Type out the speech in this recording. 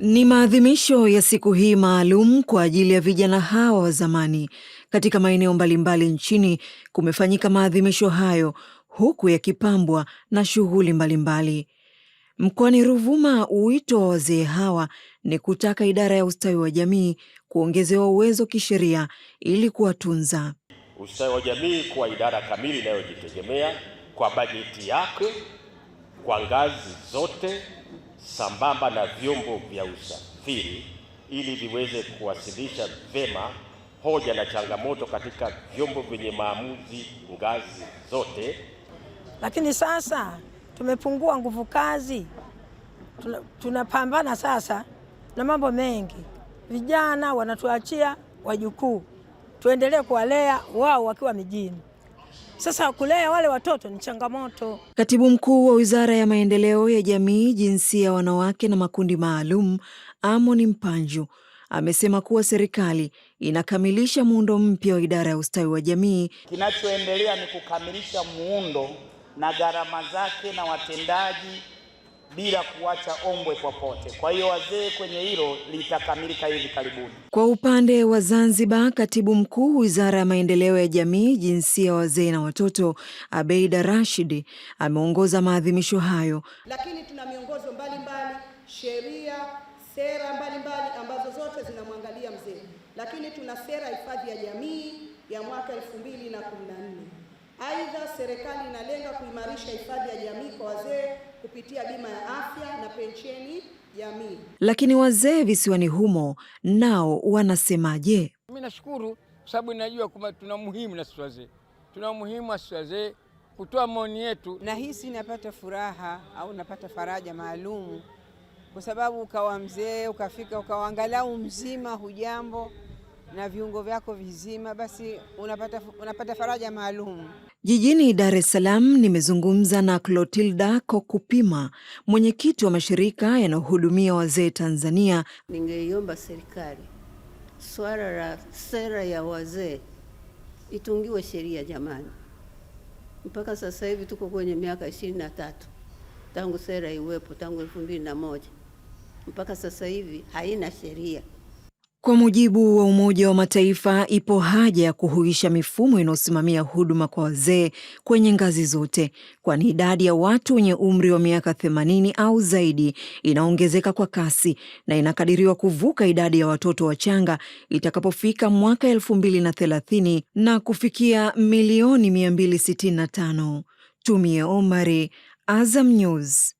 Ni maadhimisho ya siku hii maalum kwa ajili ya vijana hawa wa zamani. Katika maeneo mbalimbali nchini kumefanyika maadhimisho hayo huku yakipambwa na shughuli mbalimbali. Mkoani Ruvuma, wito wa wazee hawa ni kutaka idara ya ustawi wa jamii kuongezewa uwezo kisheria ili kuwatunza. Ustawi wa jamii kuwa idara kamili inayojitegemea kwa bajeti yake kwa ngazi zote sambamba na vyombo vya usafiri ili viweze kuwasilisha vema hoja na changamoto katika vyombo vyenye maamuzi ngazi zote. Lakini sasa tumepungua nguvu kazi, tunapambana tuna sasa na mambo mengi. Vijana wanatuachia wajukuu, tuendelee kuwalea wao wakiwa mijini. Sasa kulea wale watoto ni changamoto. Katibu mkuu wa wizara ya maendeleo ya jamii, jinsia, ya wanawake na makundi maalum, Amon Mpanju amesema kuwa serikali inakamilisha muundo mpya wa idara ya ustawi wa jamii. Kinachoendelea ni kukamilisha muundo na gharama zake na watendaji bila kuacha ombwe popote. Kwa hiyo wazee kwenye hilo litakamilika hivi karibuni. Kwa upande wa Zanzibar, katibu mkuu wizara ya maendeleo ya jamii, jinsia, wazee na watoto, Abeida Rashidi ameongoza maadhimisho hayo. Lakini tuna miongozo mbalimbali, sheria, sera mbalimbali ambazo zote zinamwangalia mzee, lakini tuna sera hifadhi ya jamii ya mwaka 2014. Aidha, serikali inalenga kuimarisha hifadhi ya jamii kwa wazee kupitia bima ya pensheni jamii. Lakini wazee visiwani humo nao wanasemaje? Mimi nashukuru kwa sababu najua kwamba tuna muhimu na sisi wazee, tuna umuhimu na sisi wazee kutoa maoni yetu. Nahisi napata furaha au napata faraja maalumu kwa sababu ukawa mzee ukafika ukawa angalau mzima, hujambo na viungo vyako vizima, basi unapata, unapata faraja maalum. Jijini Dar es Salaam nimezungumza na Clotilda Kokupima, mwenyekiti wa mashirika yanayohudumia wazee Tanzania. Ningeiomba serikali swala la sera ya wazee itungiwe sheria jamani. Mpaka sasa hivi tuko kwenye miaka ishirini na tatu tangu sera iwepo, tangu elfu mbili na moja mpaka sasa hivi haina sheria. Kwa mujibu wa Umoja wa Mataifa, ipo haja ya kuhuisha mifumo inayosimamia huduma kwa wazee kwenye ngazi zote, kwani idadi ya watu wenye umri wa miaka 80 au zaidi inaongezeka kwa kasi na inakadiriwa kuvuka idadi ya watoto wachanga itakapofika mwaka 2030 na kufikia milioni 265. Tumie Omari, Azam News.